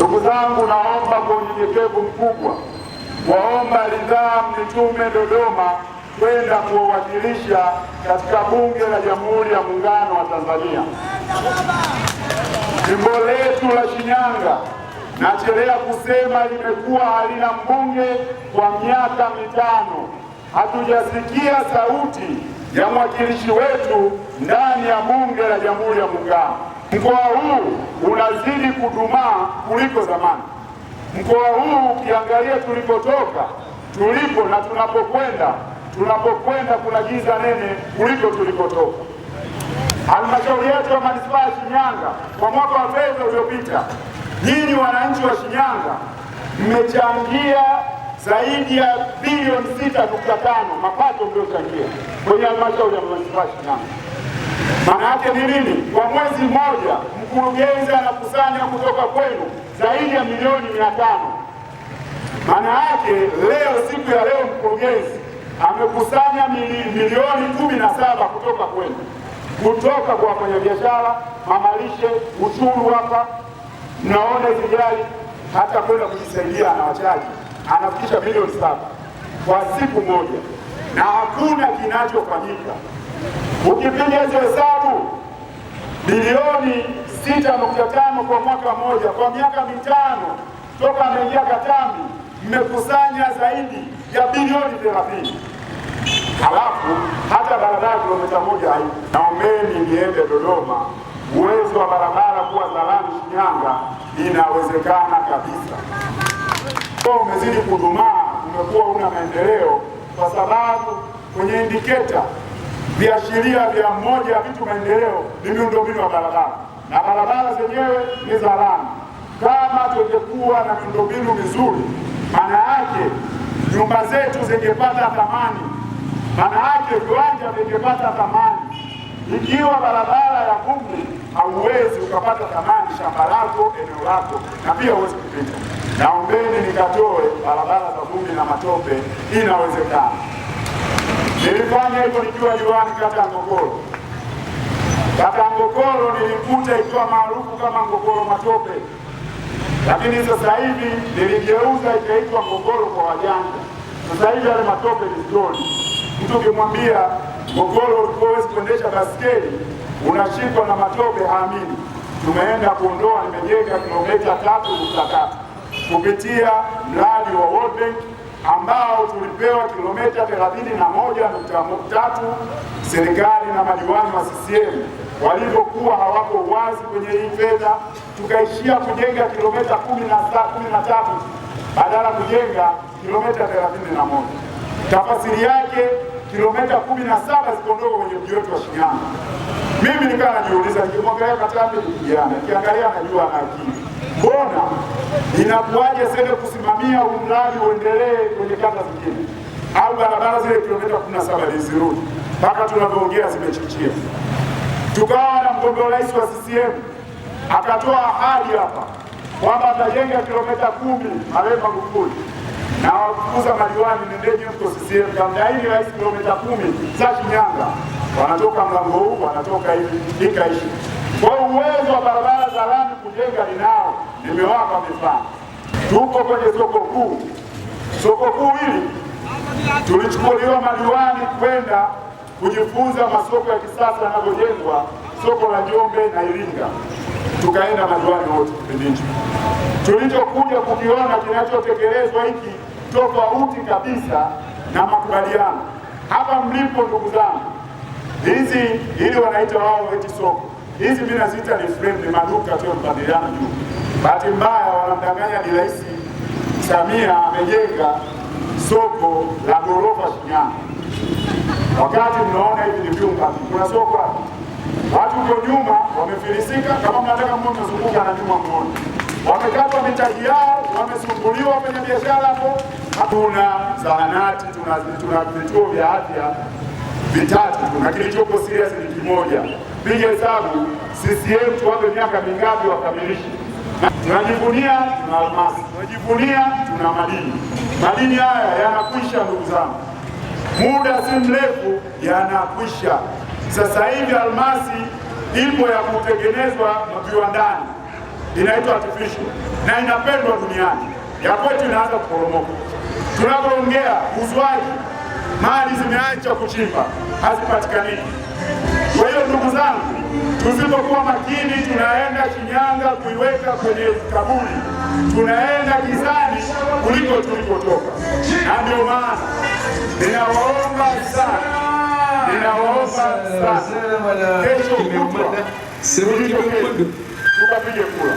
Ndugu zangu, naomba kwa unyenyekevu mkubwa waomba ridhaa mnitume Dodoma kwenda kuwawakilisha katika Bunge la Jamhuri ya Muungano wa Tanzania. Jimbo letu la Shinyanga, nachelea kusema, limekuwa halina mbunge kwa miaka mitano. Hatujasikia sauti ya mwakilishi wetu ndani ya Bunge la Jamhuri ya Muungano. Mkoa huu unazidi kudumaa kuliko zamani. Mkoa huu ukiangalia tulipotoka, tulipo na tunapokwenda, tunapokwenda kuna giza nene kuliko tulipotoka. Halmashauri yetu ya manispaa ya Shinyanga kwa mwaka wa fedha uliopita, nyinyi wananchi wa Shinyanga mmechangia zaidi ya bilioni 6.5 mapato mliochangia kwenye halmashauri ya manispaa ya Shinyanga. Maana yake ni nini? Kwa mwezi mmoja mkurugenzi anakusanya kutoka kwenu zaidi ya milioni mia tano. Maana yake leo, siku ya leo, mkurugenzi amekusanya milioni kumi na saba kutoka kwenu, kutoka kwa wafanyabiashara, mamalishe, ushuru hapa mnaona hizi hata kwenda kujisaidia anawachaji, anafikisha milioni saba kwa siku moja, na hakuna kinachofanyika. Ukipiga hizo hesabu bilioni 6.5 kwa mwaka mmoja, kwa miaka mitano toka ameingia Katambi mmekusanya zaidi ya bilioni 30. Halafu hata barabara kilomita moja haipo. Naombeni niende Dodoma, uwezo wa barabara kuwa zalani Shinyanga inawezekana kabisa. Kwa umezidi kudumaa, umekuwa una maendeleo kwa sababu kwenye indiketa Viashiria vya moja ya vitu maendeleo ni miundombinu ya barabara, na barabara zenyewe ni za lami. Kama tungekuwa na miundombinu mizuri, maana yake nyumba zetu zingepata thamani, maana yake viwanja vingepata thamani. Ikiwa barabara ya vumbi, hauwezi ukapata thamani shamba lako, eneo lako, na pia huwezi kupita. Naombeni nikatoe barabara za vumbi na matope, inawezekana. Nilifanya hivyo nikiwa juani kata ya Ngogoro. Kata ya Ngogoro nilikuta ikiwa maarufu kama Ngogoro Matope, lakini sasa hivi niligeuza ikaitwa Ngogoro kwa wajanja. Sasa hivi yale matope ni stoni. Mtu ukimwambia Ngogoro ulikuwa huwezi kuendesha baskeli, unashikwa na matope, haamini. Tumeenda kuondoa, nimejenga kilomita tatu nukta tatu kupitia mradi wa World Bank ambao tulipewa kilomita 31.3 serikali na madiwani wa CCM walivyokuwa hawako wazi kwenye hii fedha, tukaishia kujenga kilomita 13 badala kujenga kilomita 31. Tafasiri yake kilomita 17 ndogo kwenye mji wetu wa Shinyanga. Mimi nikaa najiuliza, nikimwangalia Katambi kijana, nikiangalia anajua akili mbona inakuwaje sende kusimamia umradi uendelee kwenye kanda zingine, au barabara zile kilomita 17 zizirudi mpaka tunavyoongea zimechichia. Tukawa na mgombea rais wa CCM akatoa ahadi hapa kwamba atajenga kilomita kumi marehemu Magufuli na wakukuza madiwani, nendeni huko CCM kamdaini rais kilomita kumi za Shinyanga, wanatoka mlango huu wanatoka hivi ikaishi. Kwa uwezo wa barabara za lami kujenga ninao nimewapa vifaa. Tuko kwenye soko kuu. Soko kuu hili tulichukuliwa madiwani kwenda kujifunza masoko ya kisasa yanavyojengwa, soko la Njombe na Iringa, tukaenda madiwani wote kipindi hicho. Tulichokuja kukiona kinachotekelezwa hiki tofauti kabisa na makubaliano. Hapa mlipo ndugu zangu, hizi ili wanaita wao eti soko hizi, mimi nazita ni friend, ni maduka tu ya juu Bahati mbaya wanamdanganya ni Rais Samia amejenga soko la ghorofa Shinyanga, wakati mnaona hivi ni vyumba. Kuna soko hapa, watu huko nyuma wamefilisika. Kama mnataka mmoja zunguka na nyuma mmoja, wamekatwa mitaji yao, wamesumbuliwa kwenye biashara hapo. hakuna zahanati, tuna vituo vya afya vitatu, na kilichopo serious ni kimoja. Piga hesabu CCM tuwape miaka mingapi wakamilishe tunajivunia tuna almasi, tunajivunia tuna madini. Madini haya yanakwisha, ndugu zangu, muda si mrefu yanakwisha. Sasa hivi almasi ipo ya kutengenezwa viwandani, inaitwa artificial na inapendwa duniani. Ya kwetu inaanza kuporomoka. Tunapoongea uzwaji, mali zimeacha kuchimba, hazipatikani Tusipokuwa makini, tunaenda Shinyanga kuiweka kwenye kaburi, tunaenda gizani kuliko tulipotoka. Na ndio maana ninawaomba sana, ninawaomba sana, kesho kutwa tukapige kura.